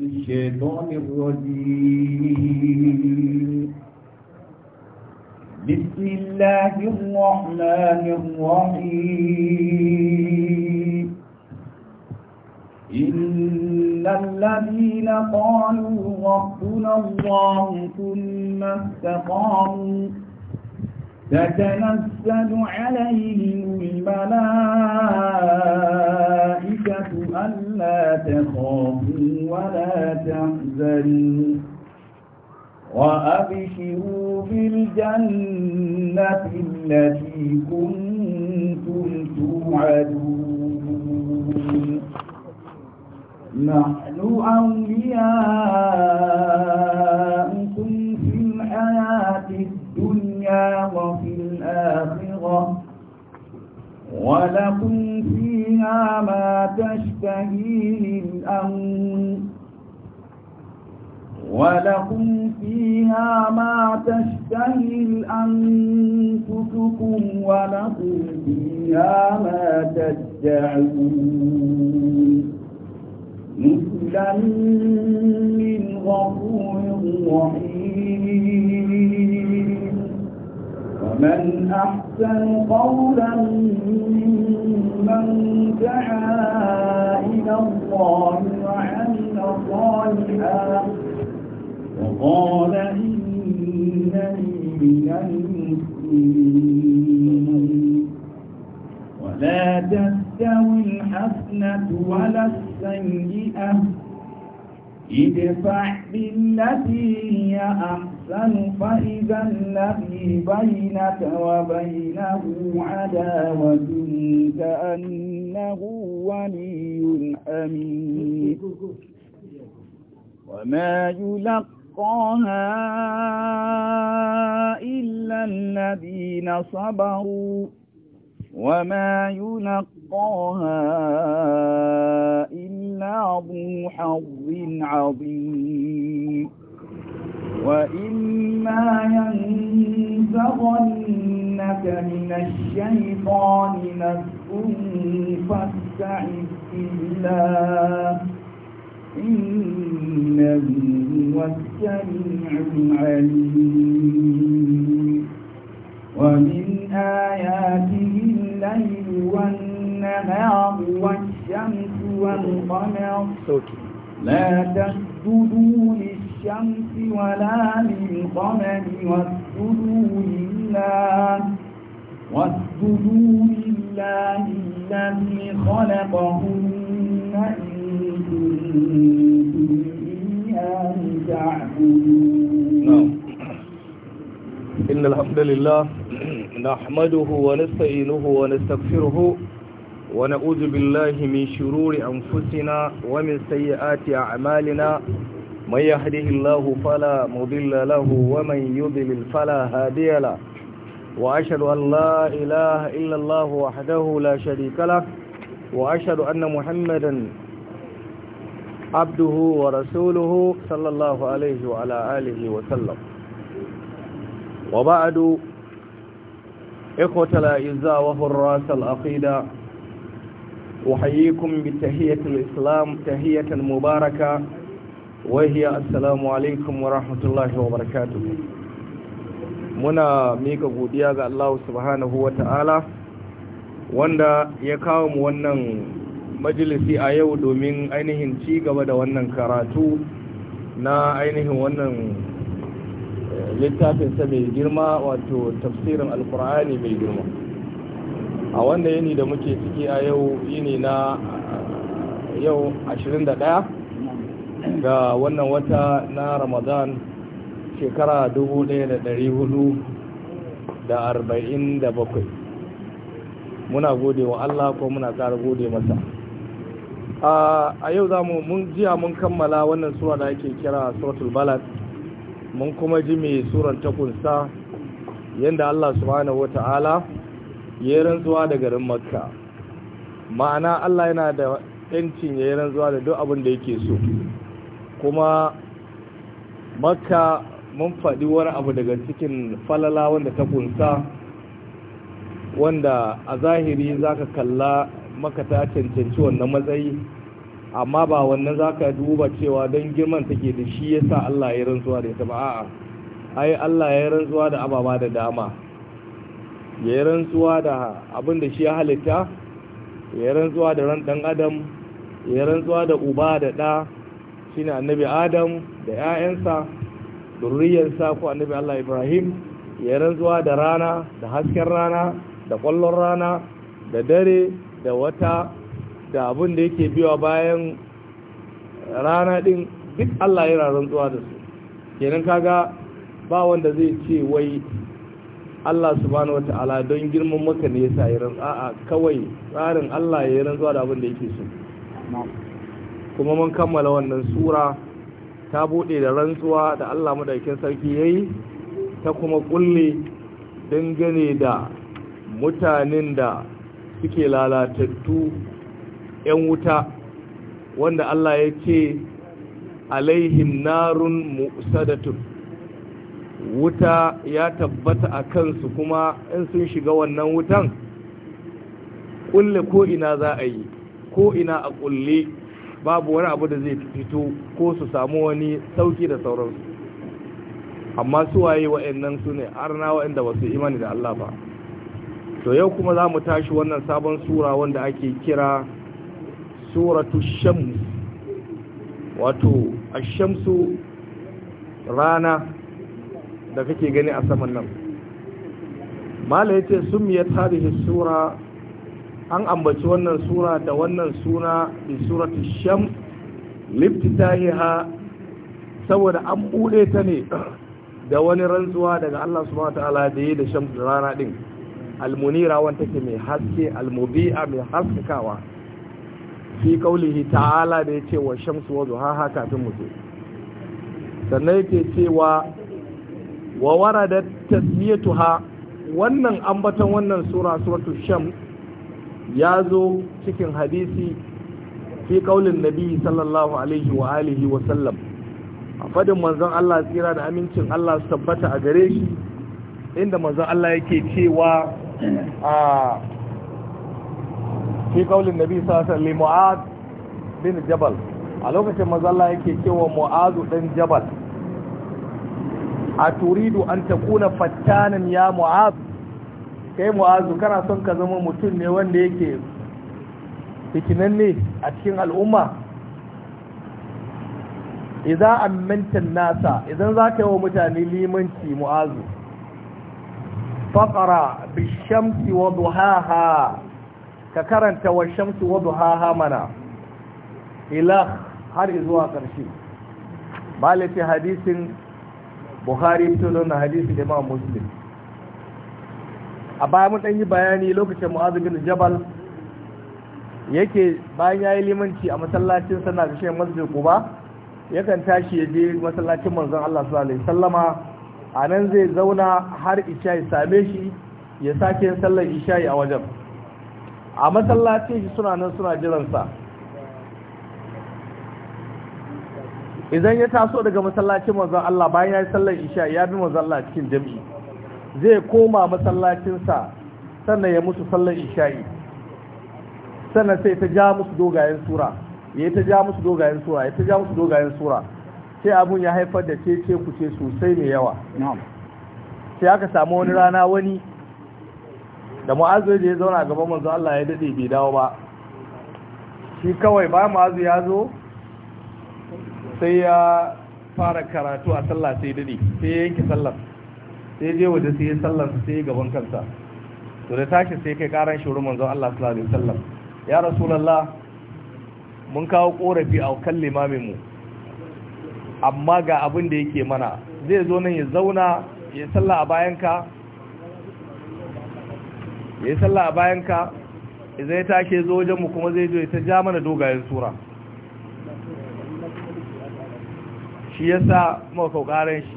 الشيطان الرجيم بسم الله الرحمن الرحيم إن الذين قالوا ربنا الله ثم استقاموا تتنزل عليهم الملائكة ألا تخافوا ولا تحزنوا وأبشروا بالجنة التي كنتم توعدون نحن أولياؤكم في الحياة وفي الآخرة ولكم فيها ما تشتهيه ولكم فيها ما تشتهي الأنفسكم ولكم فيها ما تدعون نزلا من غفور رحيم ومن أحسن قولا ممن دعا إلى الله وعمل صالحا وقال إنني من المسلمين ولا تستوي الحسنة ولا السيئة ادفع بالتي هي أحسن أحسن فإذا الذي بينك وبينه عداوة كأنه ولي حميد وما يلقاها إلا الذين صبروا وما يلقاها إلا ذو حظ عظيم وإما ينزغنك من الشيطان نفس فاستعذ بالله إنه هو السميع العليم ومن آياته الليل والنهار والشمس والقمر لا تسجدوا للشمس الشمس ولا للقمر واسجدوا لله واسجدوا لله الذي خلقهن إن كنتم تعبدون نعم. إن الحمد لله نحمده ونستعينه ونستغفره ونعوذ بالله من شرور أنفسنا ومن سيئات أعمالنا من يهده الله فلا مضل له ومن يضلل فلا هادي له وأشهد أن لا إله إلا الله وحده لا شريك له وأشهد أن محمدا عبده ورسوله صلى الله عليه وعلى آله وسلم وبعد إخوة الأعزاء وحراس العقيدة أحييكم بتحية الإسلام تحية مباركة wahiya assalamu alaikum wa rahmatullahi wa muna mika godiya ga Allah subhanahu wa ta'ala wanda ya kawo mu wannan majalisi a yau domin ainihin ci gaba da wannan karatu na ainihin wannan eh, littafinsa mai girma wato tafsirin alkur'ani mai girma a wanda yini da muke ciki a yau yini na eh, yau 21 ga wannan wata na ramadan shekara 1447 muna gode wa allah ko muna kara gode masa a yau za mu mun jiya mun kammala wannan sura da ake kira suratul balad mun kuma ji mai suran takunsa yadda allah subhanahu wata'ala ya yi rantsuwa da garin makka ma'ana allah yana da yancin ya yi rantsuwa da duk abin da yake so kuma makka mun faɗi wani abu daga cikin falala wanda ta kunsa wanda a zahiri za ka kalla maka ta cancanci wannan matsayi amma ba wannan za ka duba cewa don girman take da shi ya sa Allah ya rantsuwa da ya a'a ai Allah ya rantsuwa da ababa da dama ya yi rantsuwa da abin da shi ya halitta ya yi rantsuwa da ran ɗan adam ya yi rantsuwa da uba da ɗa shine annabi adam da 'ya'yansa durriyarsa ko annabi allah ibrahim ya rantsuwa da rana da hasken rana da kwallon rana da dare da wata da abin da yake biwa bayan rana din duk allah ya rantsuwa da su kenan kaga ba wanda zai ce wai Allah subhanahu wata'ala don girman maka ne yasa yi rantsa a kawai tsarin Allah ya rantsuwa da abin da yake so kuma mun kammala wannan sura ta bude da rantsuwa da Allah madaukin sarki yayi ta kuma kulle dangane da mutanen da suke lalatattu 'yan wuta wanda Allah ya ce alaihim narun musadatun wuta ya tabbata a kansu kuma in sun shiga wannan wutan kulle ko ina za a yi ko ina a kulle babu wani abu da zai fito ko su samu wani sauki da sauransu amma su waye wa'annan su ne arna wa'anda ba su imani da Allah ba to yau kuma za mu tashi wannan sabon sura wanda ake kira suratu shams wato ashamsu rana da kake gani a saman nan malai yace sumiyat hadhihi sura an ambaci wannan sura da wannan suna bi suratu sham liftitahiha saboda an bude ta ne da wani rantsuwa daga Allah subhanahu wataala da yi da sham rana din almunira wanda take mai haske almubi'a mai haskakawa fi kaulihi ta'ala da yace wa shamsu wa duhaha kafin mutu sannan yake cewa wa waradat tasmiyatuha wannan ambaton wannan sura suratul shams ya zo cikin hadisi fi kaulin nabi sallallahu alaihi wa alihi wa sallam a fadin manzon Allah tsira da amincin Allah su tabbata a gare shi inda manzon Allah yake cewa a fi kaulin nabi sallallahu alaihi mu'ad bin jabal a lokacin manzon Allah yake cewa Mu'adu dan jabal a turidu an takuna fattanan ya mu'ad kai mu'azu kana son ka zama mutum ne wanda yake ne a cikin al'umma idan ammantan nasa idan za ka yi wa mutane limanci mu'azu faƙara bishamsi wa duhaha ka karanta wa shamsi wa duhaha mana ilah har zuwa ƙarshe ba hadisin buhari fito hadisi da ma muslim a baya mun ɗan yi bayani lokacin mu'azu bin jabal yake bayan ya yi limanci a masallacin sana da shi masjid kuba yakan tashi ya je masallacin manzon Allah sallallahu alaihi sallama a nan zai zauna har isha ya same shi ya sake sallar isha a wajen a masallacin shi suna nan suna jiransa idan ya taso daga masallacin manzon Allah bayan ya yi sallar isha ya bi manzon Allah cikin jami'i zai koma masallacinsa sannan ya musu sallar isha'i sannan sai ta ja musu dogayen sura ya ta ja musu dogayen sura ya ta ja musu dogayen sura sai abun ya haifar da cece kuce sosai mai yawa sai aka samu wani rana wani da mu'azu da ya zauna gaban manzo Allah ya dade bai dawo ba shi kawai ba mu'azu ya zo sai ya fara karatu a sallah sai dade sai ya yanke sallar sai je waje sai ya sallar sai gaban kansa to da tashi sai kai karan shi manzo Allah sallallahu alaihi wasallam ya rasulullah mun kawo korafi a kan limamin mu amma ga abin da yake mana zai zo nan ya zauna ya salla a bayanka ya salla a bayanka idan ya tashi zo wajen mu kuma zai zo ya ta ja mana dogayen sura shi yasa muka kawo shi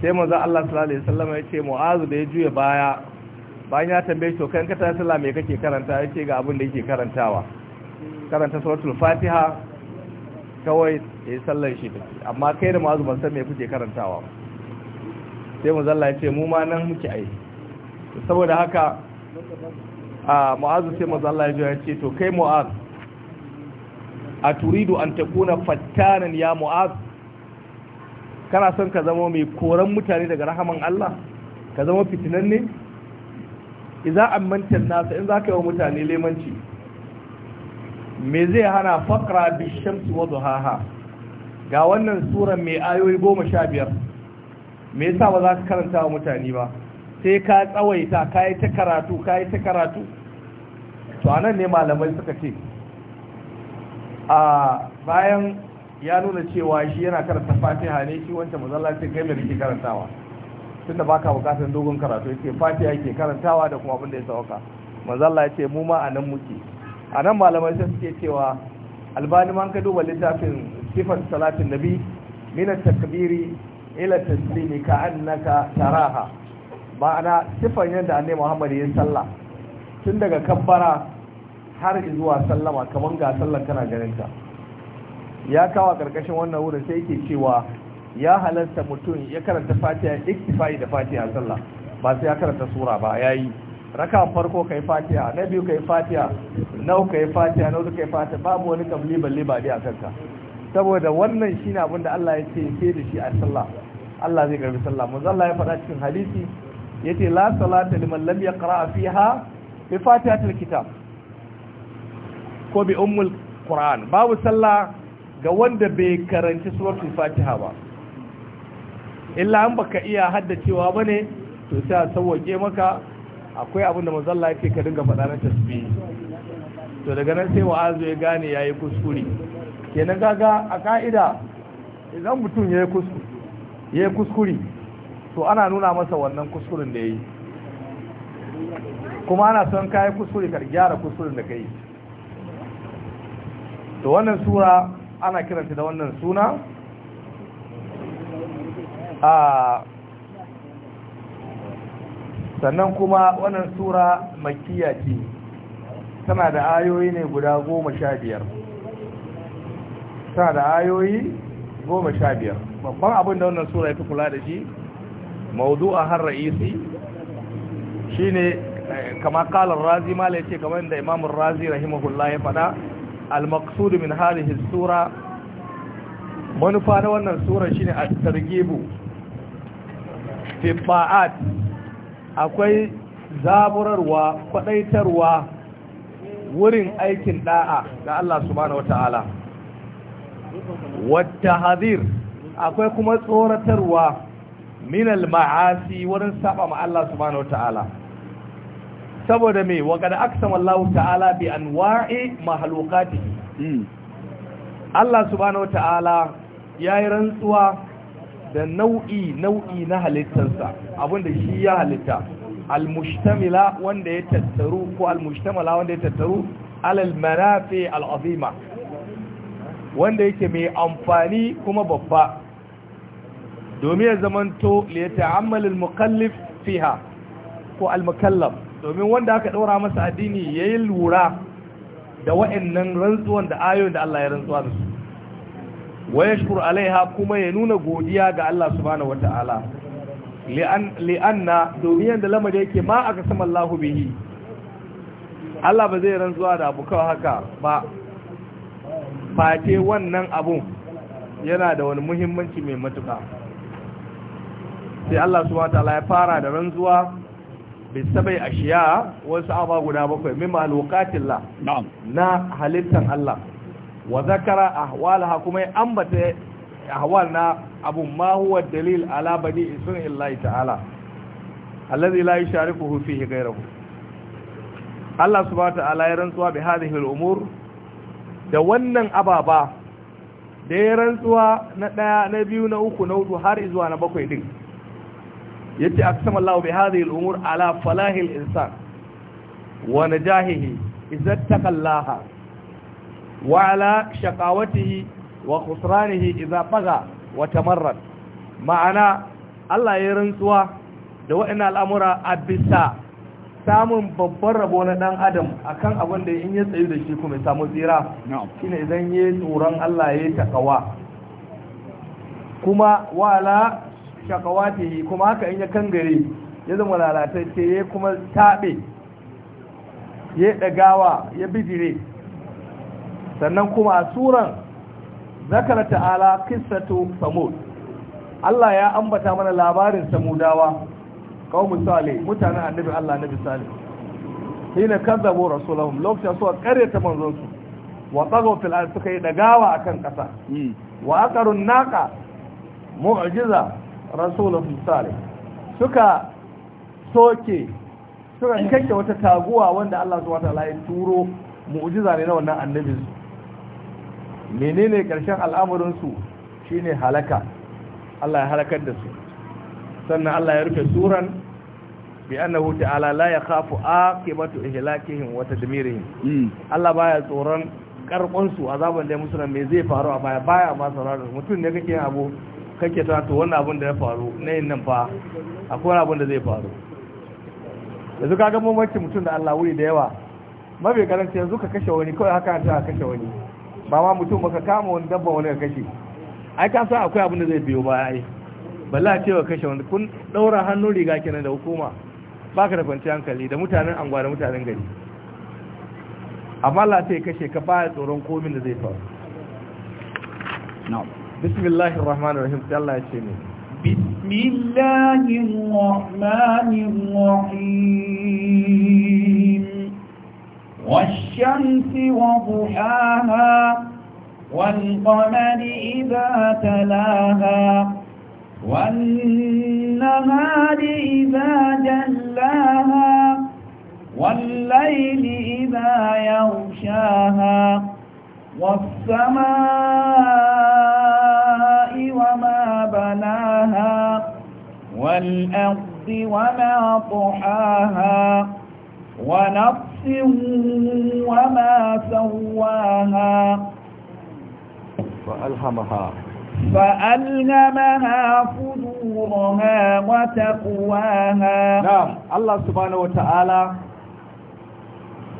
sai manzo Allah sallallahu alaihi wasallam ya ce mu'azu da ya juya baya bayan ya tambaye shi kan kata sallah me kake karanta yace ga abin da yake karantawa karanta suratul fatiha kawai ya sallar shi amma kai da mu'azu ban san me kuke karantawa sai manzo Allah ya ce mu ma nan muke ai saboda haka a mu'azu sai manzo Allah ya ce to kai mu'azu a turidu an takuna fattanan ya mu'azu kana son ka zama mai koran mutane daga rahaman Allah ka zama fitinan ne an manta nasa in zaka yi wa mutane lemanci me zai hana faqra bi shamsi wa duhaha ga wannan sura mai ayoyi goma sha 15 me yasa ba za ka karanta wa mutane ba sai ka tsawaita kai ta karatu kai ta karatu to anan ne malamai suka ce a bayan ya nuna cewa shi yana karanta fatiha ne shi wancan mazalla ce kai mai rike karantawa tunda baka bukatar dogon karatu yake fatiha yake karantawa da kuma abin da ya sauka mazalla ya ce mu ma anan muke anan malamai sai suke cewa albani man ka duba littafin sifar salatin nabi min takbiri ila taslimi ka annaka taraha Ba'ana sifan yadda annabi Muhammad ya salla tun daga kabbara har zuwa sallama kaman ga sallar kana ganin ta ya kawo karkashin wannan wurin sai yake cewa ya halarta mutum ya karanta fatiha iktifai da fatiha sallah ba sai ya karanta sura ba yayi raka farko kai fatiha na biyu kai fatiha na uku kai fatiha na uku kai fatiha babu wani kamli balle ba dai a ka saboda wannan shine abin da Allah ya ce da shi a sallah Allah zai karbi sallah mun zalla ya fada cikin hadisi yace la salata liman lam yaqra fiha bi fatihatil kitab ko bi ummul qur'an babu sallah ga wanda bai karanci suratul fatiha ba illa an baka iya haddacewa ba ne to sai a sauwake maka akwai abin da manzo Allah yake ka dinga faɗa na tasbih to daga nan sai wa'azu ya gane ya kuskure kenan gaga a ka'ida idan mutum ya yi kuskure to ana nuna masa wannan kuskuren da ya kuma ana son kai kuskure ka gyara kuskuren da kai yi to wannan sura ana kiranta da wannan suna a sannan kuma wannan sura makiya ce tana da ayoyi ne guda goma sha biyar tana da ayoyi goma sha biyar babban abin da wannan sura ya fi kula da shi maudu a har ra'isi shi ne eh, kama kalar razi ma ce kamar da imamun razi rahimahullah ya fada al-maqsud min hadhihi sura manufa na wannan sura shine at-targhibu fi akwai zaburarwa kwadaitarwa wurin aikin da'a ga Allah subhanahu wataala wattahdhir akwai kuma tsoratarwa min al-ma'asi wurin saba ma Allah subhanahu wataala saboda me wa kada aksama Allah ta'ala bi anwa'i mahlukatihi hmm. Allah subhanahu ta'ala yayi rantsuwa da nau'i nau'i na halittarsa abinda shi ya halitta almustamila wanda ya tattaru ko almustamala wanda ya tattaru alal manafi al'azima wanda yake mai amfani kuma babba domin ya zamanto li ta'ammalul mukallif fiha ko al-mukallaf domin wanda aka ɗaura masa addini ya yi lura da wa'annan rantsuwan da ayoyin da Allah ya rantsuwa da su wa ya shukuru alaiha kuma ya nuna godiya ga Allah subhanahu wata'ala li'anna domin yadda lamar yake ma aka sama Allah bihi Allah ba zai rantsuwa da abu kawai haka ba fate wannan abu yana da wani muhimmanci mai matuka sai Allah subhanahu wata'ala ya fara da rantsuwa sabai ashiya wasu aba guda bakwai min malukatillah na halittar Allah wa zakara ha kuma ambata ahwal na abun ma huwa dalil ala bani isra'illahi ta'ala alladhi la yusharikuhu fihi ghayruhu Allah subhanahu wa ta'ala ya rantsuwa bi hadhihi al'umur da wannan ababa da ya rantsuwa na daya na biyu na uku na hudu har zuwa na bakwai din yace aksama Allah bi hadhihi al-umur ala falahi al-insan wa najahihi idza taqallaha wa ala shaqawatihi wa khusranihi idza faga wa tamarrad ma'ana Allah ya rantsuwa da wa'annan al'amura a bisa samun babbar rabo na dan adam akan abin da in ya tsayu da shi kuma ya samu tsira shine idan ya tsoron Allah ya takawa kuma wala yi kuma haka in ya kangare ya zama lalatacce ya kuma taɓe ya ɗagawa ya bijire sannan kuma a suran zakara ta'ala kisato samud Allah ya ambata mana labarin samudawa qaumu salih mutanen annabi Allah annabi ne kan zabo rasulahun lokacin suwa karyata manzon su wa tagaw filar suka yi a kan ƙasa hmm. wa aƙarun naqa mu'ajiza rasulun salih suka soke suka kake wata taguwa wanda Allah zuwa ta'ala ya turo mu'jiza ne na wannan annabinsu. menene karshen al'amarin su shine halaka Allah ya halakar da su sannan Allah ya rufe suran bi annahu ta'ala la yakhafu aqibatu ihlakihim wa tadmirihim hmm. Allah baya tsoron karkon su azaban da musulman me zai faru a baya baya ma sauraron mutum ne kake abu kake ta to wannan abin da ya faru na yin nan fa akwai abin da zai faru yanzu ka ga mace mutum da Allah wuri da yawa mafi karanta yanzu ka kashe wani kawai haka ta kashe wani ba ma mutum ba ka kama wani dabba wani ka kashe ai ka san akwai abin da zai biyo ba ai balla wa kashe wani kun daura hannun riga kenan da hukuma baka da kwanciyar hankali da mutanen anguwa da mutanen gari amma Allah sai kashe ka baya tsoron komin da zai faru na'am بسم الله الرحمن الرحيم الله يا شيمي بسم الله الرحمن الرحيم والشمس وضحاها والقمر إذا تلاها والنهار إذا جلاها والليل إذا يغشاها والسماء بناها والأرض وما طحاها ونفس وما سواها فألهمها فألهمها فجورها وتقواها نعم الله سبحانه وتعالى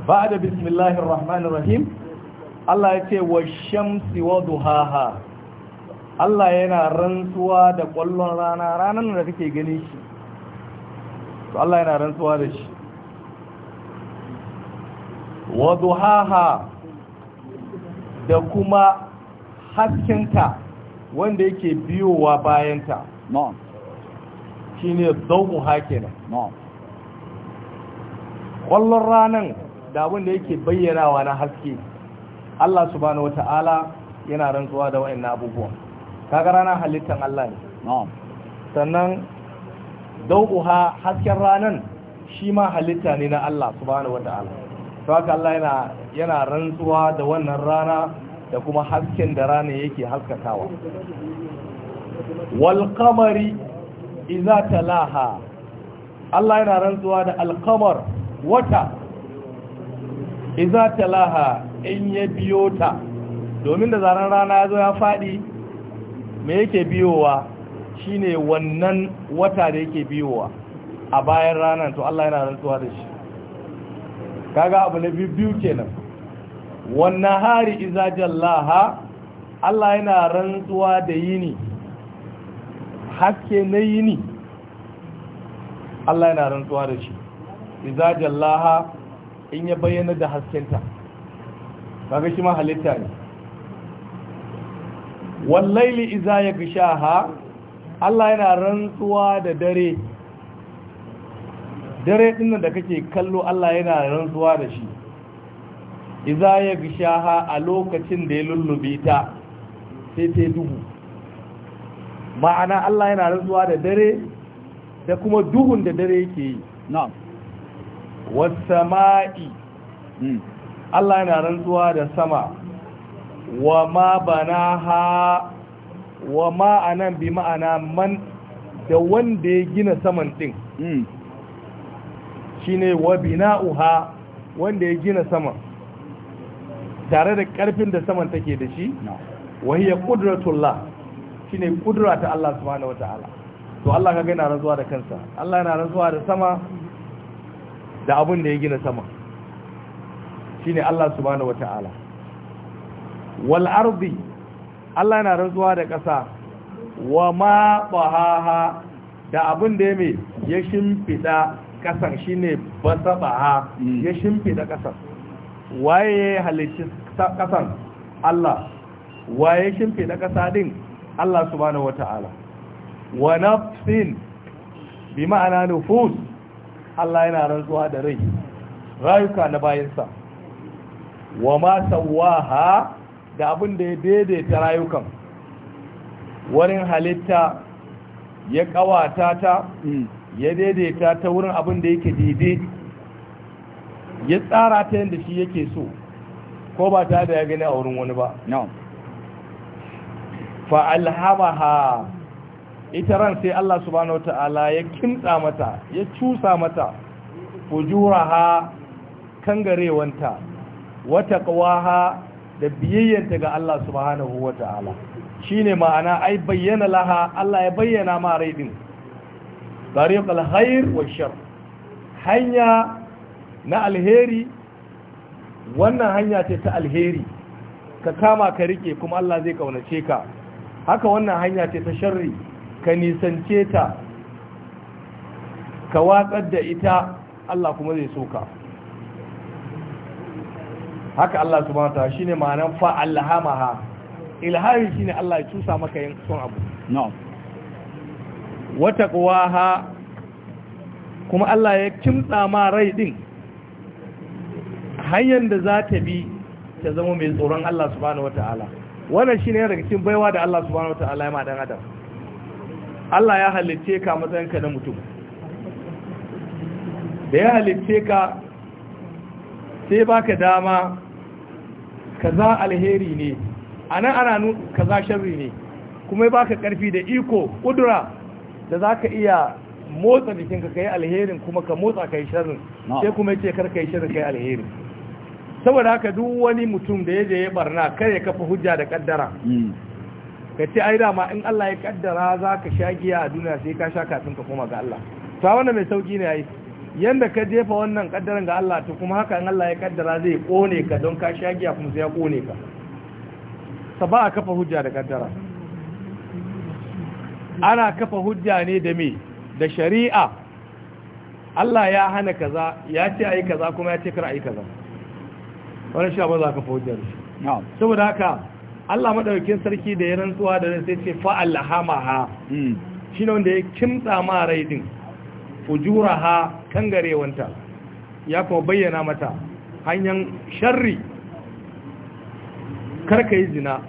بعد بسم الله الرحمن الرحيم الله يتي والشمس وضحاها Allah yana rantsuwa da kwallon rana ranar da kake gani shi to Allah yana rantsuwa da shi wa duhaha da kuma haskinta wanda yake biyowa bayanta shine dawu hakina na'am kwallon ranar da abin da yake bayyanawa na haske Allah subhanahu wata'ala yana rantsuwa da wa'in abubuwa. kaga ranar halittar Allah ne sannan dauha hasken ranar shi ma halitta ne na Allah subhanahu wata'ala to haka Allah yana rantsuwa da wannan rana da kuma hasken da rana yake haskakawa wal qamari idza talaha Allah yana rantsuwa da alƙamar wata idza talaha in ya biyo ta domin da zaran rana ya zo ya fadi me yake biyowa shine wannan wata da yake biyowa a bayan ranar to Allah yana rantsuwa da shi kaga abu na biyu kenan wannan hari iza jallaha Allah yana rantsuwa da yini haske na yini Allah yana rantsuwa da shi iza jallaha in ya bayyana da haskenta ga shi ma halitta ne wallaili iza ya gishaha Allah yana rantsuwa da dare dare ɗin da kake kallo Allah yana rantsuwa da shi iza ya gishaha a lokacin da ya lullube ta sai ta duhu ma'ana Allah yana rantsuwa da dare da kuma duhun da dare yake yi Wasu sama'i, hmm. Allah yana rantsuwa da sama wa ma ha, wa ma anan bi ma'ana man da wanda ya gina saman din hmm. shine wa bina'uha wanda ya gina saman tare da karfin da saman take da shi wa hiya qudratullah shine kudura ta Allah subhanahu wataala to Allah ga gina rantsuwa da kansa Allah yana rantsuwa da sama da abin da ya gina sama shine Allah subhanahu wataala wal ardi Allah yana rantsuwa da ƙasa wa ma bahaha da abin da ya mai ya shimfida ƙasar shine basa ɓaha mm. ya shimfida ƙasar waye ya halicci ƙasar Allah waye shimfida ƙasa din Allah subhanahu wata'ala wa nafsin bi ma'ana nufus Allah yana rantsuwa da rai rayuka na bayansa wa ma sawaha da abin da ya daidaita rayukan wurin halitta ya kawata ta mm. ya daidaita ta wurin abin da yake daidai ya tsara ta yadda shi yake so ko ba ta da ya gani a wurin wani ba fa'alhamaha ita ran sai Allah subhanahu wata'ala ya kimta mata ya cusa mata fujuraha kangarewanta wata kawaha da biyayyanta ga Allah subhanahu wa ta'ala shi ne ma'ana ai bayyana laha Allah ya bayyana ma rai din tariqul wa shar hanya na alheri wannan hanya ce ta alheri ka kama ka rike kuma Allah zai kaunace ka haka wannan hanya ce ta sharri ka nisance ta ka watsar da ita Allah kuma zai so ka haka Allah subhanahu wataala shine ma'anar fa alhamaha ilhami shine Allah ya tusa maka yin son abu na'am wa taqwaha kuma Allah ya kimtsa ma rai din hanyar da za ta bi ta zama mai tsoron Allah subhanahu wataala wannan shine daga cikin baiwa da Allah subhanahu wataala ya ma dan adam Allah ya halicce ka matsayinka na mutum da ya halicce ka sai baka dama kaza alheri ne a nan ana kaza shari ne kuma baka karfi da iko kudura da zaka iya motsa jikinka kai alherin kuma ka motsa kai shari sai kuma yace kar kai sharri kai alherin saboda haka duk wani mutum da ya je ya barna kare kafa hujja da kaddara hmm. ka ce ai dama in Allah ya kaddara zaka sha giya a duniya sai ka sha kafin ka koma ga Allah to wannan mai sauki ne ya yi. yanda ka jefa wannan kaddaran ga Allah ta kuma haka Allah ya kaddara zai kone ka don ka shagiya kuma sai ya kone ka sa ba a kafa hujja da kaddara ana kafa hujja ne da me da shari'a Allah ya hana kaza ya ce ayi kaza kuma ya ce kar ayi kaza wannan shi ba za ka fahimta shi saboda haka Allah madaukakin sarki da ya rantsuwa da sai ce fa alhamaha hmm. shine wanda ya kimtsa ma rai din ha kangarewanta ya kuma bayyana mata hanyar sharri karka yi zina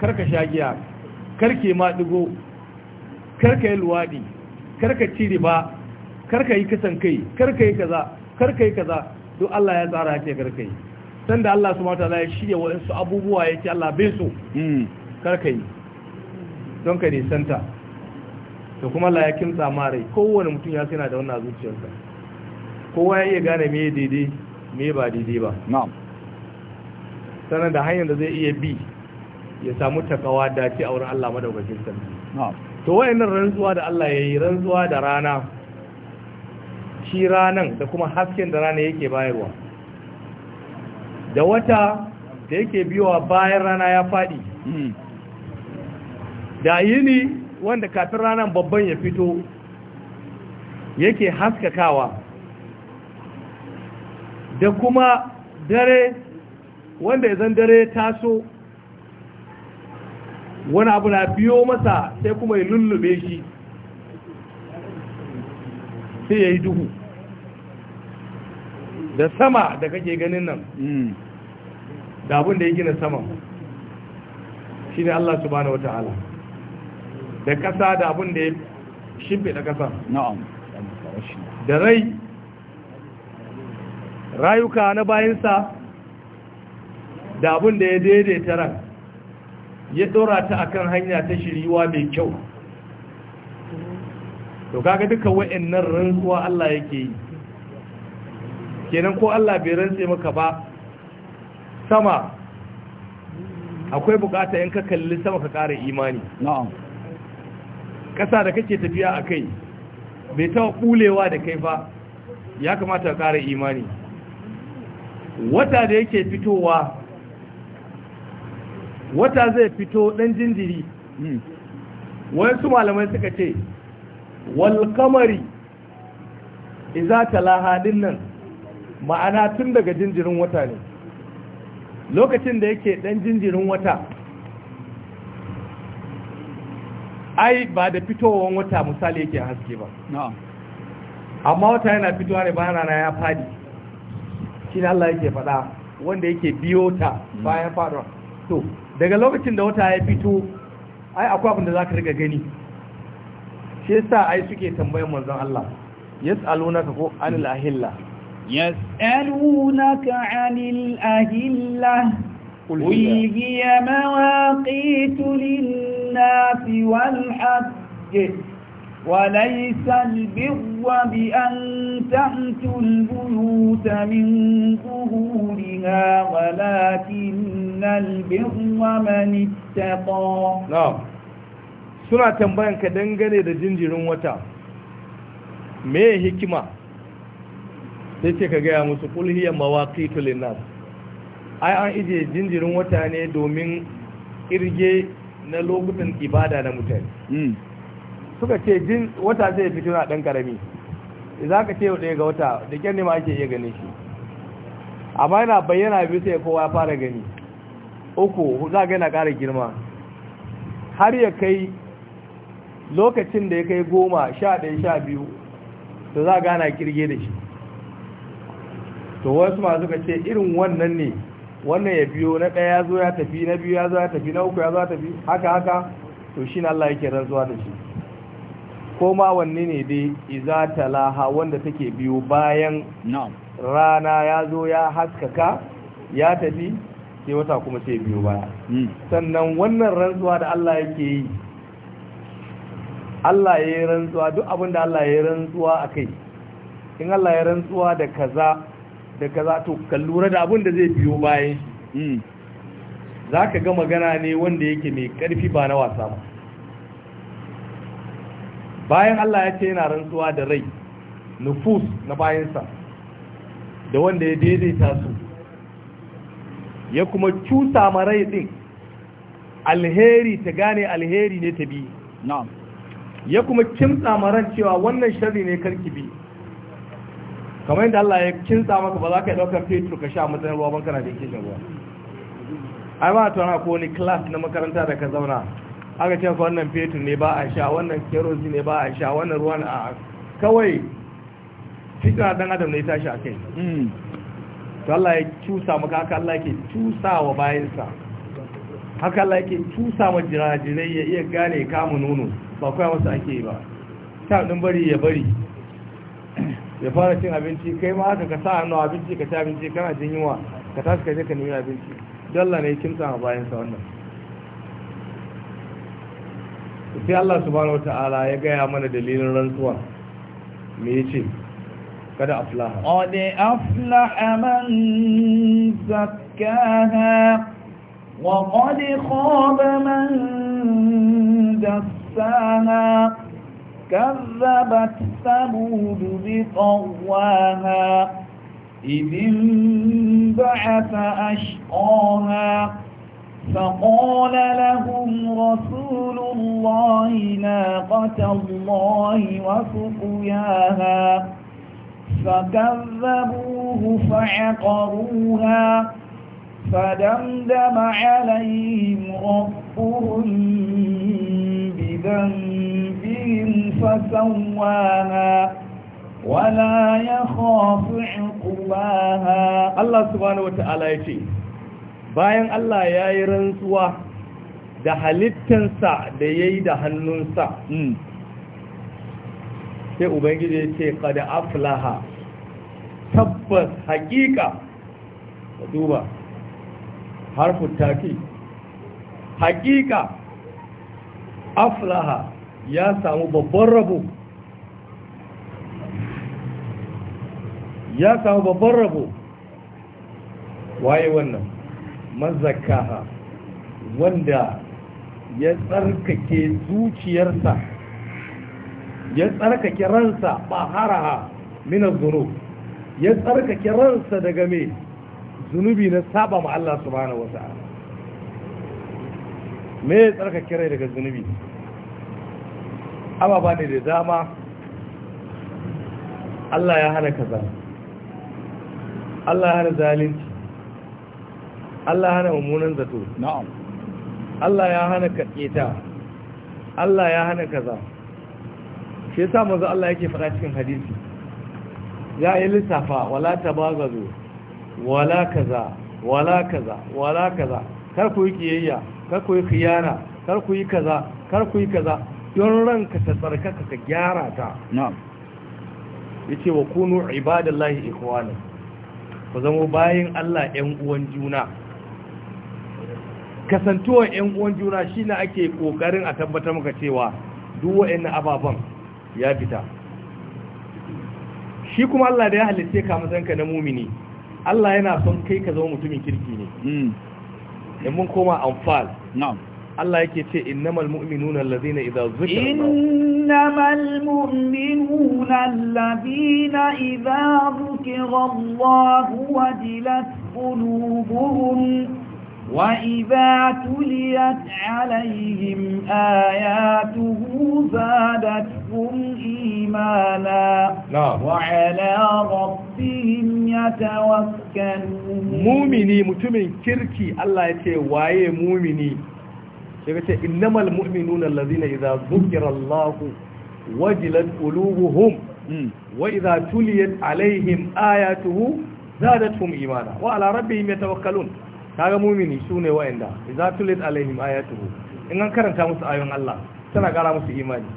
karka shagiya karka yi maɗigo karka yi luwaɗi karka ci riba karka yi kasan kai karka yi kaza karka yi kaza don Allah ya tsara hake karka yi san da Allah su mata ya shirya waɗansu abubuwa ya ce Allah bai su hmm. karka yi don ka nisanta Da kuma Allah ya kimsa rai kowane mutum ya sina da wannan zuciyarsa kowa ya iya gane me daidai me ba daidai ba na'am sanan da hanyar da zai iya bi ya samu takawa dace a wurin Allah madaukakin sarki na'am to wayannan rantsuwa da Allah yayi rantsuwa da rana shi ranan da kuma hasken da rana yake bayarwa da wata da yake biyowa bayan rana ya fadi hmm. da yini wanda kafin ranar babban ya fito yake haskakawa da kuma dare wanda zan dare taso wani abu na biyo masa sai kuma ya lullube shi sai ya yi duhu da sama da kake ganin nan hmm. da abin da ya gina sama shi ne Allah subhanahu wa ta'ala da ƙasa da abin da ya shimfe da ƙasa da rai rayuka na bayansa da abin da ya daidaita ran ya dora ta akan hanya ta shiriwa mai kyau to kaga duka wa'annan rantsuwa Allah yake yi kenan ko Allah bai rantse maka ba sama akwai bukata in ka kalli sama ka ƙara imani na'am ƙasa da kake tafiya a kai bai taɓa ɓulewa da kai ba ya kamata ƙara imani wata da yake fitowa wata zai fito ɗan jinjiri su malamai suka ce za iza talahadin nan ma'ana tun daga jinjirin wata ne lokacin da yake ɗan jinjirin wata ai ba da fitowar wata misali yake haske ba amma wata yana fitowa ne bayan rana ya fadi shi Allah yake faɗa wanda yake biyo ta mm. bayan faɗuwa to daga lokacin da wata ya fito ai akwai abin da za ka riga gani shi yasa ai suke tambayan manzon Allah al'una ka ko anil mm. ahilla ka anil ahilla qul hiya mawaqit lin الناس والحج وليس البر بأن تأتوا البيوت من ظهورها ولكن البر من اتقى نعم سنة تنبين ka dangane da jinjirin wata me sai ka gaya musu kulhiyar mawaƙi linnas ai an ije jinjirin wata ne domin irge na lokutan ibada na mutane hmm. suka ce jin wata zai fito na dan karami za ka ce yau ɗaya ga wata da kyan ne ma ake iya ganin shi amma yana bayyana biyu sai kowa ya fara gani uku za ga yana ƙara girma har ya kai lokacin da ya kai goma sha ɗaya sha biyu to za gana kirge da shi to wasu masu ka ce irin wannan ne wannan ya biyo na ɗaya ya zo ya tafi na biyu ya zo ya tafi na uku ya zo ya tafi haka haka to shi na Allah yake rantsuwa da shi ko ma wanne ne dai iza talaha wanda take biyo bayan rana ya zo ya haskaka ya tafi sai wata kuma sai biyo baya hmm. sannan wannan rantsuwa da Allah yake yi Allah ya yi rantsuwa duk abin da Allah ya yi rantsuwa a kai in Allah ya rantsuwa da kaza da za to kallura da abin da zai biyo bayan shi hmm. za ka ga magana ne wanda yake mai karfi ba na wasa ba bayan Allah ya ce yana rantsuwa da rai nufus na bayansa da wanda ya daidaita su ya kuma ma marai din alheri ta gane alheri ne ta bi ya kuma kimtsa maran cewa wannan shari ne karki bi kamar yadda Allah ya kinsa maka ba za ka yi ɗaukar fetur ka sha matsayin ruwa ban kana da yake shan ruwa ai ba ta ko ni class na makaranta da ka zauna aka ce ka wannan fetur ne ba a sha wannan kerosene ne ba a sha wannan ruwan a kawai fitra dan adam ne tashi a kai hmm. to Allah ya cusa maka haka Allah yake cusa wa bayansa haka Allah yake cusa ma jirajirai ya iya gane kamun nono ba kawai wasu ake yi ba ta ɗin bari ya bari ya fara cin abinci kai ma haka ka sa hannu abinci ka ci abinci kana jin yunwa ka tashi ka je ka nemi abinci dalla ne kimsa a bayan sa wannan sai Allah subhanahu ta'ala ya gaya mana dalilin rantsuwa me yace kada aflaha de aflaha man zakkaha wa qad khaba man dassaha كذبت ثمود بطواها إذ انبعث أشقاها فقال لهم رسول الله ناقة الله وسقياها فكذبوه فعقروها فدمدم عليهم ربهم بذنبهم فسواها ولا يخاف عقباها الله سبحانه وتعالى يتي bayan Allah ya yi rantsuwa da halittansa da ya yi da hannunsa sai Ubangiji ya ce kada aflaha tabbas hakika ka duba harfin taki haƙiƙa aflaha ya samu babban rabo ya samu babban rabo waye wannan mazakaha wanda ya tsarkake zuciyarsa ya tsarkake ransa ba haraha minar zuru ya tsarkake ransa daga mai zunubi na saba ma Allah subhanahu wata'ala me ya tsarkake rai daga zunubi ba ne da dama Allah ya hana kaza Allah ya hana zalunci Allah ya hana mummunan zato na'am Allah ya hana kasketa Allah ya hana kaza shi yasa manzo Allah yake faɗa cikin hadisi ya yi lissafa wala tabagazu wala kaza wala kaza wala kaza kar ku yi kiyayya kar ku yi khiyana kar ku yi kaza kar ku yi kaza don ranka ta tsarkaka ka gyara ta na'am yace wa kunu ibadallahi ikhwana ku zama bayin Allah ɗan uwan juna kasantuwa ɗan uwan juna shine ake kokarin a tabbatar maka cewa duk wa'annan ababan ya fita shi kuma Allah da ya halitta ka matsanka na mumini Allah yana son kai ka zama mutumin kirki ne hmm. in mun koma anfal Allah yake ce innamal mu'minuna allazina idza zukira innamal mu'minuna allazina idza zukira Allah wajilat qulubuhum وإذا تليت عليهم آياته زادتهم إيمانا نعم وعلى ربهم يتوكلون مؤمني متمن كركي الله يتي وايه مؤمني يقول إنما المؤمنون الذين إذا ذكر الله وجلت قلوبهم وإذا تليت عليهم آياته زادتهم إيمانا وعلى ربهم يتوكلون kaga mumini su ne wa'anda idza tulit alaihim ayatuhu in an karanta musu ayoyin Allah tana kara musu imani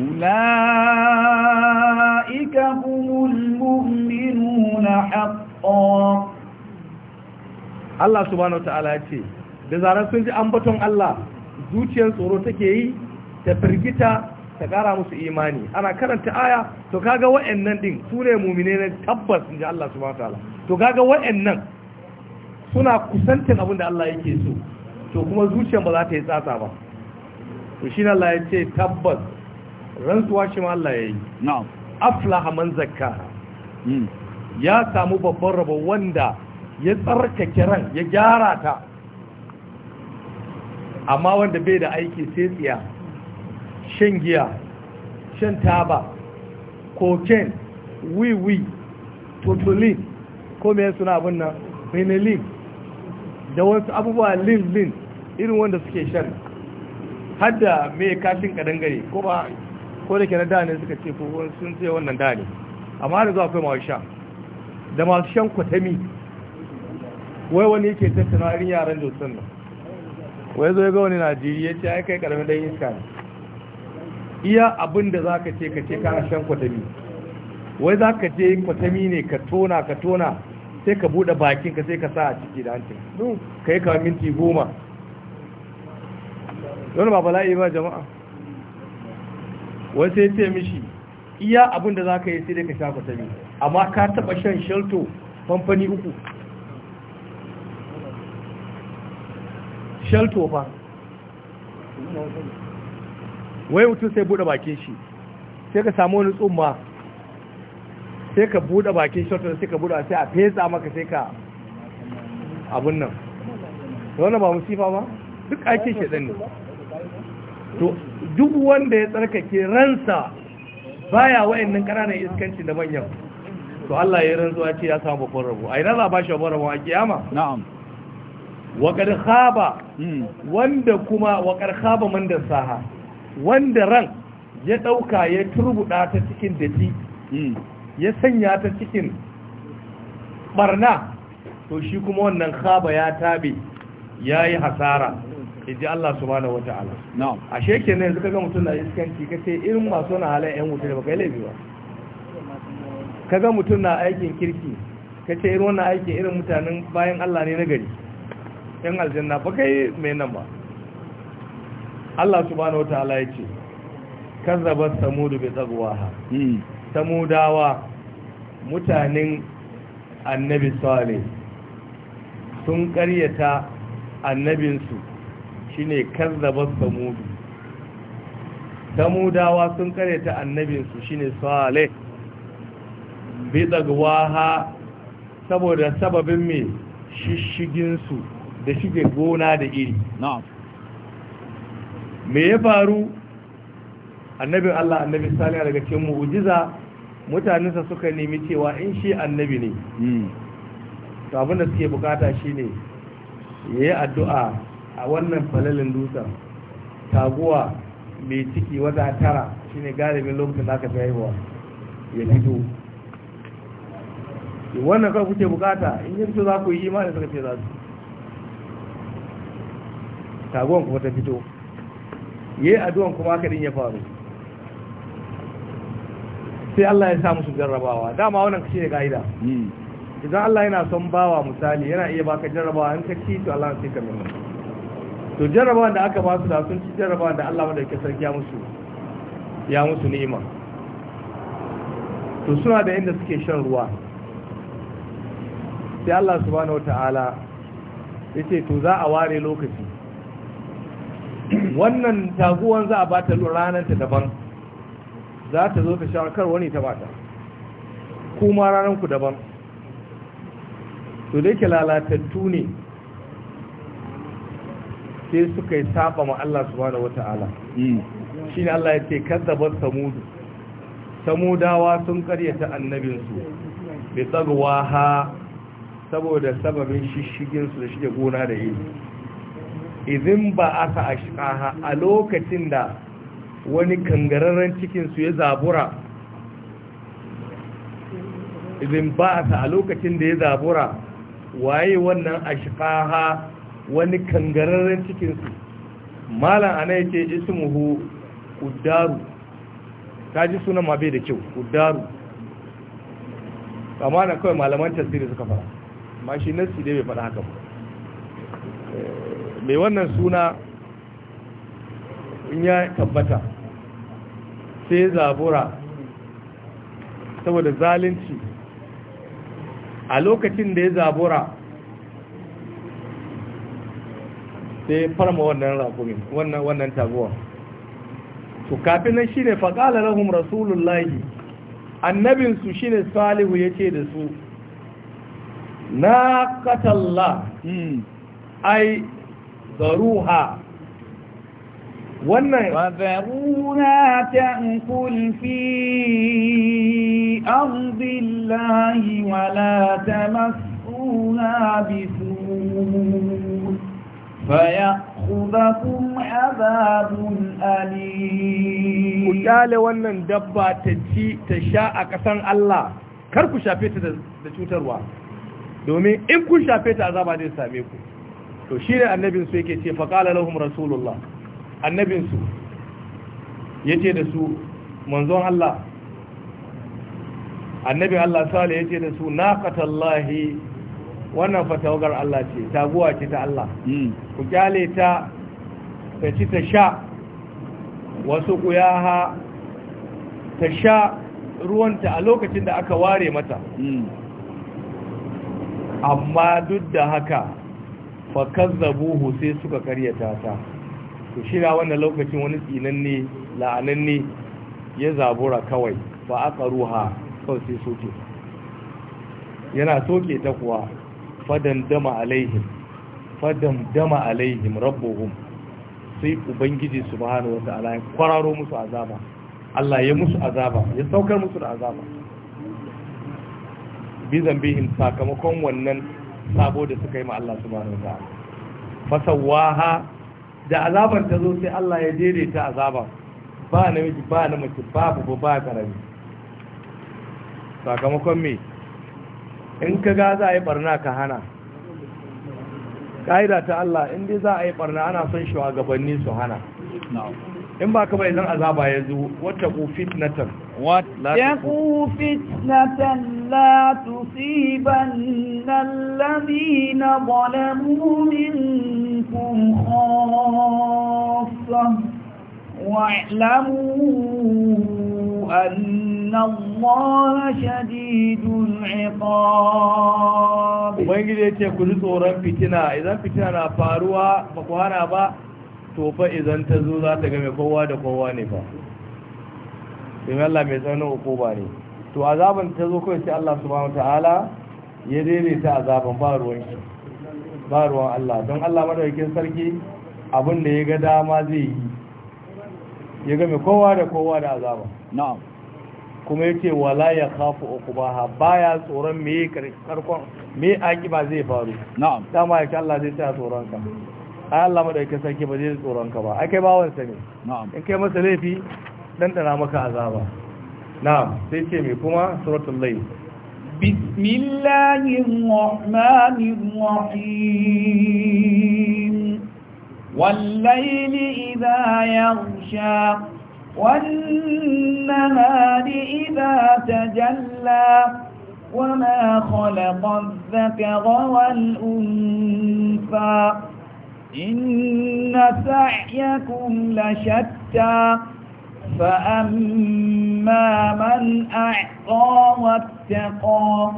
ulaika humul mu'minuna haqqo Allah subhanahu wataala ya ce da zarar sun ji ambaton Allah zuciyar tsoro take yi ta firgita ta kara musu imani ana karanta aya to kaga wa'annan din su ne mumine na tabbas inji Allah subhanahu wataala to kaga wa'annan suna kusantin abin da Allah yake so to kuma zuciyar ba za ta yi tsatsa ba to shi Allah ya ce tabbas rantsuwa shi ma Allah ya yi na'am aflaha man zakka hmm. ya samu babban rabo wanda ya tsarkake ran ya gyara ta amma wanda bai da aiki sai tsiya shan giya shan taba cocaine wiwi totolin ko mai suna abin nan benelin da wasu abubuwa lin-lin irin wanda suke shan hadda mai kashin kadangare ko ba ko da ke na dane suka ce ko sun ce wannan dane amma da zuwa kai masu sha da masu shan kwatami wai wani yake tattana irin yaran josan nan wai zo ya ga wani najeriya ce ai kai karamin dan iska ne iya abin da za ka ce ka ce kana shan kwatami wai za ka ce kwatami ne ka tona ka tona sai ka bude bakin ka sai ka sa a ciki da hancin ka yi kawai minti goma yau ba bala'i ba jama'a wai sai ce mishi iya abin da za ka yi sai dai ka sha kwatami amma ka taba shan shelto fanfani uku shelto fa wai mutum sai bude bakin shi sai ka samu wani tsumma sai ka bude bakin wata sai ka bude sai a fesa maka sai ka abun nan wannan ba musifa ba duk ake shaɗan ne to duk wanda ya tsarkake ransa baya nan ƙananan iskanci da manyan to Allah ya a ce ya samu babban rabu, a ina za a ba shi babban rabu a kiyama na'am wa qad hmm. wanda kuma wa haba man man saha. wanda ran ya ɗauka ya turbuɗa ta cikin dafi hmm. ya sanya ta cikin barna to shi kuma wannan khaba ya tabe ya yi hasara iji Allah subhanahu wata'ala a sheke ne suka ga mutum na iskanci ka ce irin masu na halayen 'yan wuta da baka yi laifi ba ka ga mutum na aikin kirki ka ce irin wannan aiki irin mutanen bayan Allah ne na gari yan aljanna ba kai mai nan ba Allah subhanahu wataala yace kazzabat samudu bi tagwaha hmm. samudawa mutanen annabi sale sun karyata annabinsu shine kazzabat samudu samudawa sun karyata annabinsu shine sale bi tagwaha saboda sababin me shishigin su da shige gona da iri na'am me ya faru annabin Allah annabi saliya daga cikin mu'ujiza mutanensa suka nemi cewa in shi annabi ne hmm. to abin da suke bukata shine yayi addu'a a wannan falalin dutsen taguwa mai ciki wata tara shine galibin lokacin da aka fi haihuwa ya fito wannan kawai kuke bukata in yi fito za ku yi imani suka ce za su taguwan kuma ta fito yayi addu'an kuma haka din ya faru sai Allah ya sa musu jarrabawa dama wannan kace da kaida hmm. idan Allah yana son bawa misali yana iya baka jarrabawa an ka to Allah sai ka nuna to jarrabawa da aka ba su da sun ci jarrabawa da Allah madaukakin sarki ya musu ya musu ni'ima to suna da inda suke shan ruwa sai Allah subhanahu wataala yace to za a ware lokaci wannan taguwan za a ba ta ranar daban za ta zo ta shakar wani ta bata kuma ranar ku daban to da yake lalatattu ne sai suka yi saba ma Allah su wata wata'ala hmm. shi ne Allah ya ce kazzabar samudu samudawa sun karyata annabinsu bai tsagawa ha saboda sababin su da shige gona da yi izin ba aka ashqaha a lokacin da wani kangararren cikin su ya zabura izin ba aka a lokacin da ya zabura waye wannan ashqaha wani kangararren cikin su malam ana yake ismuhu kudaru kaji sunan ma bai da kyau kudaru amma na kawai malaman tasiri suka fara ma shi nassi dai bai fada haka ba eh, mai wannan suna in ya tabbata sai zabura saboda zalunci a lokacin da ya zabura sai ya farma wannan rakumin wannan wannan taguwa to kafin nan shine faqala lahum rasulullahi annabin su shine salihu yace da su na qatallah hmm. ai zaruha wannan ta ta'kul fi ardillahi wa la tamassuha bisu fayakhudhukum azabun Ali. ku kyale wannan dabba ta ci ta sha a kasan Allah kar ku shafe ta da cutarwa domin in kun shafe ta azaba zai same ku to shi ne annabinsu yake ce faƙala lahum rasulullah annabinsu ya ce da su manzon Allah annabin Allah sale ya ce da su naƙatallahi wannan fatawagar Allah ce taguwa ce ta Allah hmm. ku kyale ta ta ci ta sha wasu ƙuyaha ta sha ruwanta a lokacin da aka ware mata hmm. amma duk da haka fakazzabuhu sai suka karyata ta to shi na wannan lokacin wani tsinanne la'ananne ya zabura kawai ba aka ruha kawai sai soke yana soke ta kuwa fadan dama alaihim fadan dama alaihim rabbuhum sai ubangiji subhanahu wata'ala ya kwararo musu azaba Allah ya musu azaba ya saukar musu da azaba bi zambihin sakamakon wannan sabo da suka yi ma Allah subhanahu wa ta'ala fasawaha da azabar ta zo sai Allah ya daidaita azaba ba na namiji ba na mace babu ba karami sakamakon me in ka ga za a yi barna ka hana ƙa'ida ta Allah in dai za a yi barna ana son shugabanni su hana in ba ka bai azaba ya zo wata ku fitnatan ya ku fitnatan la tusiban allazina zalamu minkum khassa wa'lamu anna allaha shadidul iqab ubangiji ya ce ku ji tsoron fitina idan fitina na faruwa ba ku hana ba to fa idan ta zo za ta game kowa da kowa ne fa in Allah mai tsananin hukuma ne to azaban ta zo kawai sai Allah subhanahu ta'ala ya daidaita azaban ba ruwan shi ba ruwan Allah don Allah madaukakin sarki abin da ya ga dama zai yi ya game kowa da kowa da azaba na'am kuma yace wala ya khafu uqbaha baya tsoron me karkon me akiba zai faru na'am dama yake Allah zai tsaya tsoron ka ai Allah madaukakin sarki ba zai tsoron ka ba ai kai bawon sa ne in kai masa laifi dan dana maka azaba na'am sai ce me kuma suratul layl bismillahir rahmanir rahim والليل إذا يغشى والنهار إذا تجلى وما خلق الذكر والأنفى إن سعيكم لشتى فأما من أعطى واتقى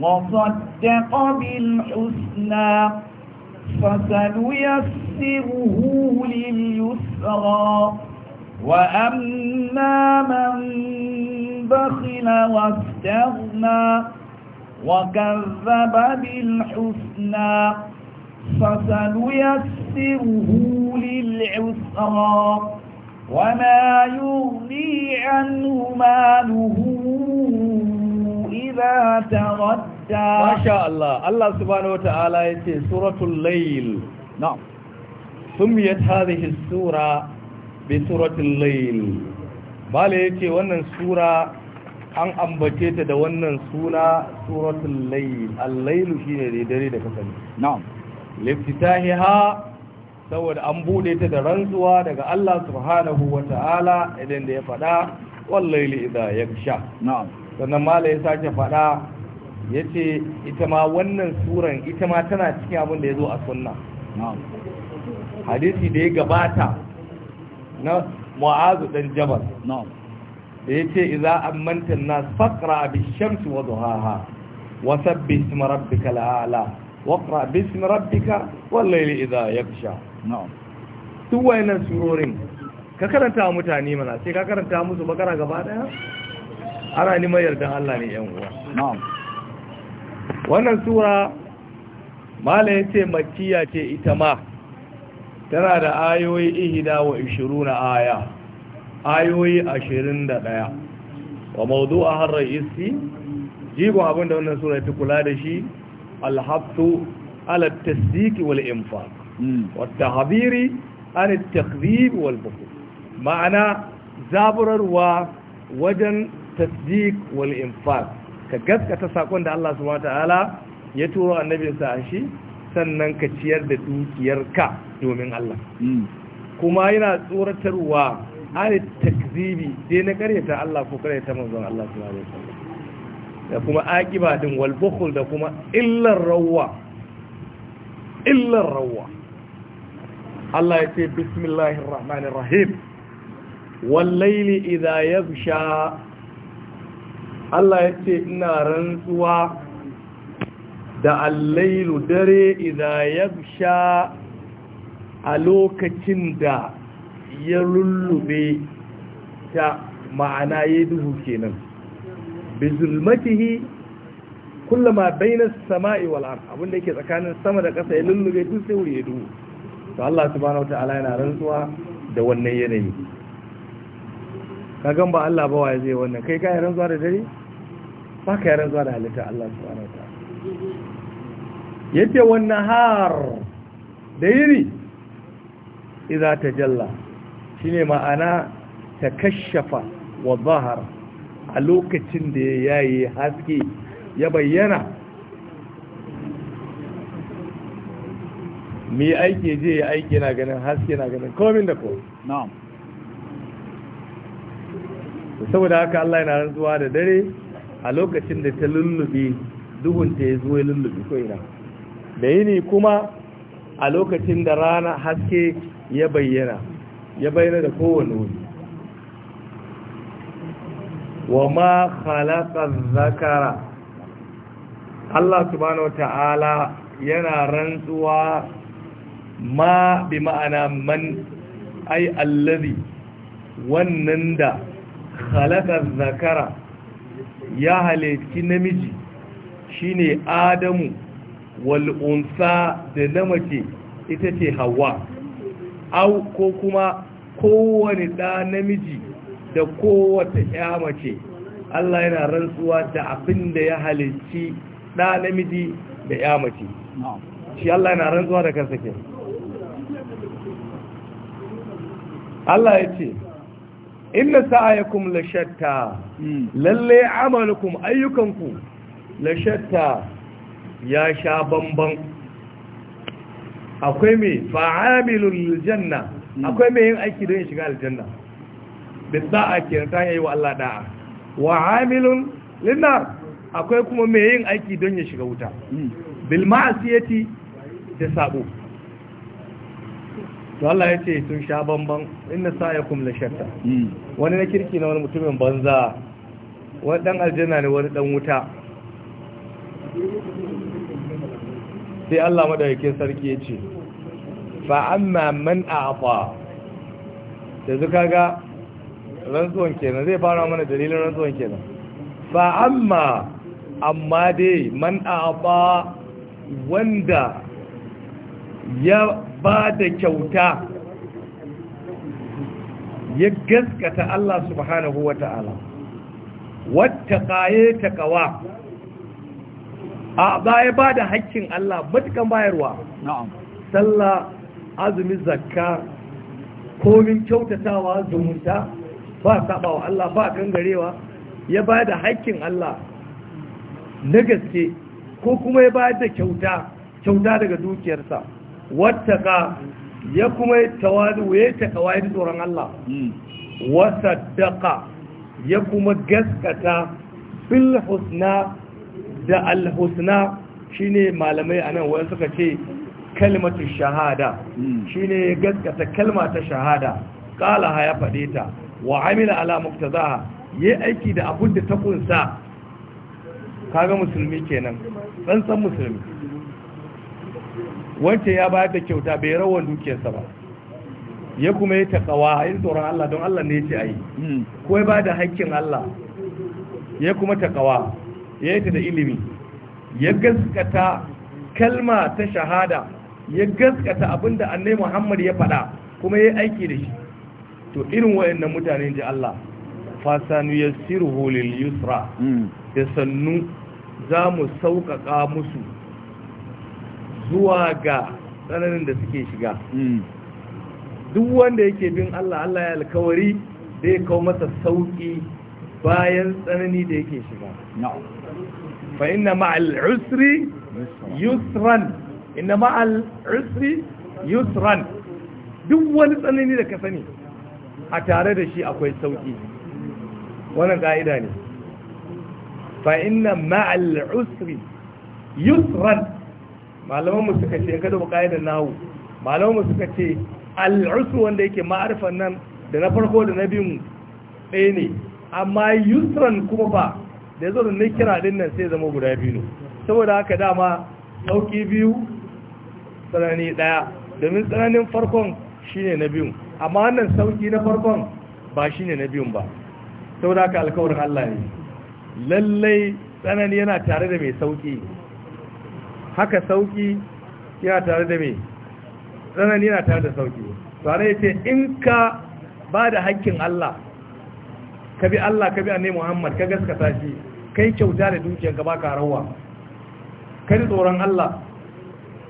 وصدق بالحسنى فسنيسره لليسرى وأما من بخل واستغنى وكذب بالحسنى فسنيسره للعسرى وما يغني عنه ماله إذا تغدى ما شاء الله الله سبحانه وتعالى يتي سورة الليل نعم سميت هذه السورة بسورة الليل bala ya ce wannan sura an ambace ta da wannan suna suratul layl al-layl shine dare da kasance na'am ha saboda an bude ta da rantsuwa daga Allah subhanahu wata'ala idan da ya faɗa wallahi idza yaksha na'am sannan malai ya sake faɗa yace ita ma wannan suran ita ma tana cikin abin da yazo a sunna na'am hadisi da ya gabata na mu'azu dan jabal na'am da yace idza amanta an-nas faqra bi-shamsi wa duhaha wa sabbih ismi rabbikal a'la waqra باسم ربك والليل layli idha نعم na'am duk ككرنتا متاني منا سي ككرنتا mutane mana غبا ديا انا ني bakara gaba الله ني neman yardan Allah wannan sura mala yace makkiya ce ita ma tana da ayoyi ihda wa 20 aya ayoyi 21 wa mawdu'a har raisi jibo abinda wannan sura ta kula da shi alhabtu ala tasdiki wal infaq wa tahdhiri an at-takdhib wal bukhl ma'ana zaburarwa wajen tasdiq wal infaq ka gaskata sakon da Allah subhanahu wataala ya turo annabinsa a shi sannan ka ciyar da dukiyarka domin Allah kuma yana tsoratarwa an takzibi sai na karyata Allah ko karyata manzon Allah da kuma akiba din da kuma illar rawwa illar rawwa Allah ya ce bismillahir rahmanir rahim wal layli idha yaghsha Allah ya ce ina rantsuwa da allailu dare idan ya sha a lokacin da ya lullube ta ma'ana ya duhu kenan bi zulmatihi kullama bainas sama'i wal ard abin yake tsakanin sama da ƙasa ya lullube duk sai wuri ya duhu to Allah subhanahu ta'ala yana rantsuwa da wannan yanayi ka gan ba Allah ba waye zai wannan kai ka yi rantsuwa da dare ba ka yi rantsuwa da halitta Allah subhanahu ta'ala yace wannan har da yini idza tajalla shine ma'ana takashafa wa zahara a lokacin da ya yayi haske ya bayyana mai aiki je ya aiki na ganin haske na ganin komin da ko saboda haka Allah yana rantsuwa da dare a lokacin da ta lullube duhun ta ya zuwa lullube ko ina da yini kuma a lokacin da rana haske ya bayyana ya bayyana da kowane wuri wa ma khalaqa zakara Allah subhanahu ta'ala yana rantsuwa ma bi ma'ana man ai allazi wannan da khalaqa zakara ya halitti namiji shine adamu wal unsa da namace ita ce hawa au ko kuma kowane ɗa namiji da kowace mace Allah yana rantsuwa da abin da ya halicci ɗa namiji da ya mace shi Allah yana rantsuwa da kansa ke Allah ya ce inna sa'ayakum la shatta hmm. lalle amalukum ayyukanku la shatta ya sha banban. akwai mai fa'amilul janna hmm. akwai mai yin aiki don shiga aljanna bidda'a ke ta yayi wa Allah da'a wa amilun linnar akwai kuma mai yin aiki don ya shiga wuta hmm. bil ma'asiyati da sabo to Allah ya ce sun sha bamban inna sa'yakum la shatta hmm. wani na kirki na wani mutumin banza wani dan aljanna ne wani dan wuta sai Allah madaukakin sarki ya ce fa amma man a'ta zuka ga. rantsuwan kenan zai fara mana dalilin rantsuwan kenan fa amma amma dai man aba wanda ya ba da kyauta ya gaskata Allah subhanahu wa ta'ala wata ƙaye ta ƙawa a baya ba da haƙƙin Allah matukan bayarwa sallah azumi zakka komin kyautatawa zumunta ba saba wa Allah ba garewa. ya ba da haƙƙin Allah na gaske ko kuma ya ba da kyauta kyauta daga dukiyarsa wattaka ya kuma ya tawadu ya takawa ya tsoron Allah hmm. daƙa ya kuma gaskata bil da alhusna shine malamai a nan wani suka ce kalmatu shahada hmm. shine gaskata kalma ta shahada qala ya faɗe ta wa amila ala muktazaha yi aiki da abin da ta kunsa kaga musulmi kenan dan san musulmi wance ya bayar da kyauta bai rawan dukiyarsa ba ya kuma yi takawa a yin tsoron Allah don Allah ne ya ce a yi hmm. ko ya ba da haƙƙin Allah ya kuma takawa ya yi ta da ilimi ya gaskata kalma ta shahada ya gaskata abinda annai Muhammad ya faɗa kuma ya yi aiki da shi to irin wayannan mutane ji Allah fasanu yassiruhu lil yusra hmm. da sannu za mu sauƙaƙa musu zuwa ga tsananin da suke shiga hmm. duk wanda yake bin Allah Allah ya alkawari da ya kawo masa sauƙi bayan tsanani da yake shiga fa inna ma'al usri yusran inna ma'al usri yusran duk wani tsanani da ka sani a tare da shi akwai sauki wannan ka'ida ne fa inna ma'al usri yusran malaman mu suka ce kada mu ka'idar nawo malaman mu suka ce al usru wanda yake ma'arfan nan da na farko da na biyu ɗaya ne amma yusran kuma ba da zo da na kira din nan sai zama guda biyu saboda haka dama sauki biyu tsanani ɗaya domin tsananin farkon shine na biyu amma wannan sauki na farkon ba shi ne na biyun ba sau da aka alkawarin Allah ne lallai tsanani yana tare da mai sauki haka sauki yana tare da mai tsanani yana tare da sauki tsanani ce in ka ba da haƙƙin Allah ka bi Allah ka bi annai Muhammad ka gaskata shi kai kyauta da dukiyar ka baka rawa ka tsoron Allah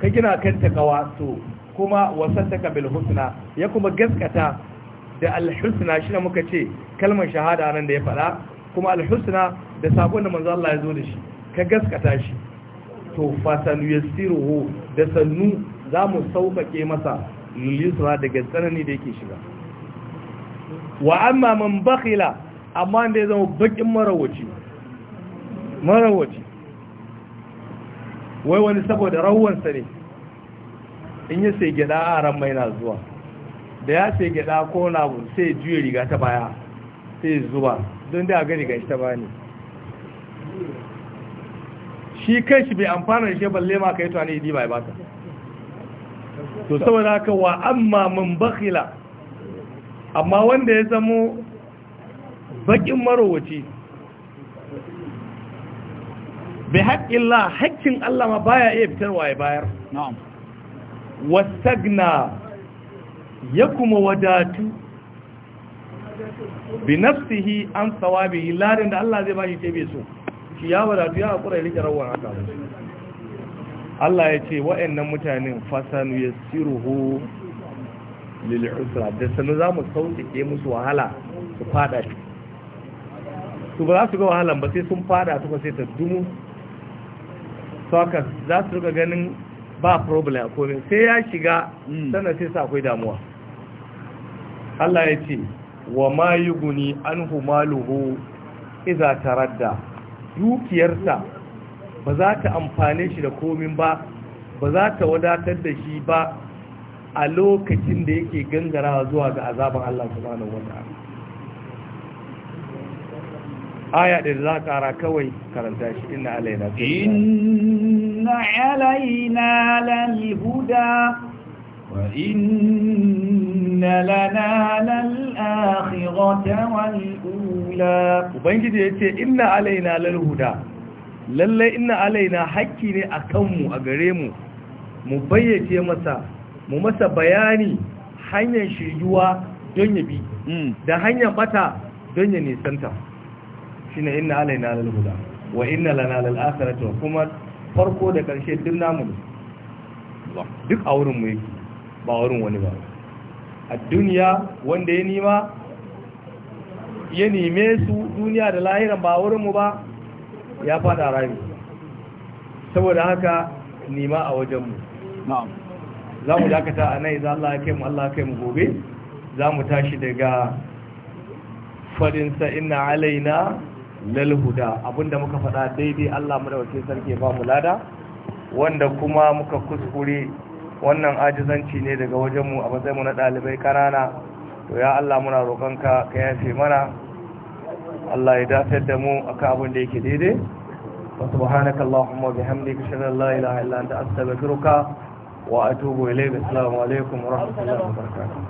ka gina kanta kawa to kuma wasaddaka bil husna ya kuma gaskata da al husna shine muka ce kalmar shahada nan da ya fada kuma al husna da sabon da manzo Allah ya zo da shi ka gaskata shi to yusiruhu da sannu mu sauƙaƙe masa lilisra daga tsanani da yake shiga wa amma man bakhila amma da ya zama bakin marawaci marawaci wai wani saboda rawansa ne in yi sai gyada a ran mai na zuwa da ya sai gida ko na bu sai juya riga ta baya sai zuwa don da ga shi ta bani. shi kai shi bai amfana da shi balle ma kai tuwa ne idi bai ta, to saboda haka wa amma mun bakila amma wanda ya zamo bakin marowaci bai haƙƙin la haƙƙin Allah ma baya iya fitarwa ya bayar wasagna ya kuma wadatu bi nafsihi an sawabi larin da Allah zai ba shi tebe so shi ya wadatu ya haƙura ya rawar haka Allah ya ce wa'annan mutanen fasanu ya siruhu lil'usra da sanu za mu ke musu wahala su fada shi su ba za su ga wahalan ba sai sun fada tuka sai ta dumu saka za su ga ganin ba problem komai sai ya shiga hmm. sannan sai sa akwai damuwa Allah ya ce wa ma yuguni anhu maluhu idza taradda dukiyarsa ba za ta amfane shi da komin ba ba za ta wadatar da shi ba a lokacin da yake gangarawa zuwa ga azaban Allah subhanahu wataala aya ɗin za ƙara kawai karanta shi inna alaina inna alaina lalhuda wa inna lana lal'akhirata wal'ula ubangiji ya ce inna alaina lalhuda lallai inna alaina hakki ne a kanmu a gare mu mu bayyace masa mu masa bayani hanyar shiryuwa don ya bi hmm. da hanyar bata don ya nisanta shine inna alaina lal huda wa inna lana lal akhirati wa kuma farko da karshe duk namu duk a wurin mu yake ba wurin wani ba a duniya wanda ya nima ya nime su duniya da lahiran ba wurin mu ba ya fada rami saboda haka nima a wajen na'am za mu dakata a nan idan Allah ya kai mu Allah ya kai mu gobe za mu tashi daga fadinsa ina alaina lal huda abinda muka faɗa daidai Allah wace sarki ba mu lada wanda kuma muka kuskure wannan ajizanci ne daga wajenmu a mu na ɗalibai ƙanana to ya Allah muna roƙonka ka yafe mana Allah ya dafar da mu akan abin da yake daidai wa subhanaka allahumma bihamdika shalla la ilaha illa anta astaghfiruka wa atubu ilayka assalamu alaikum wa rahmatullahi wa barakatuh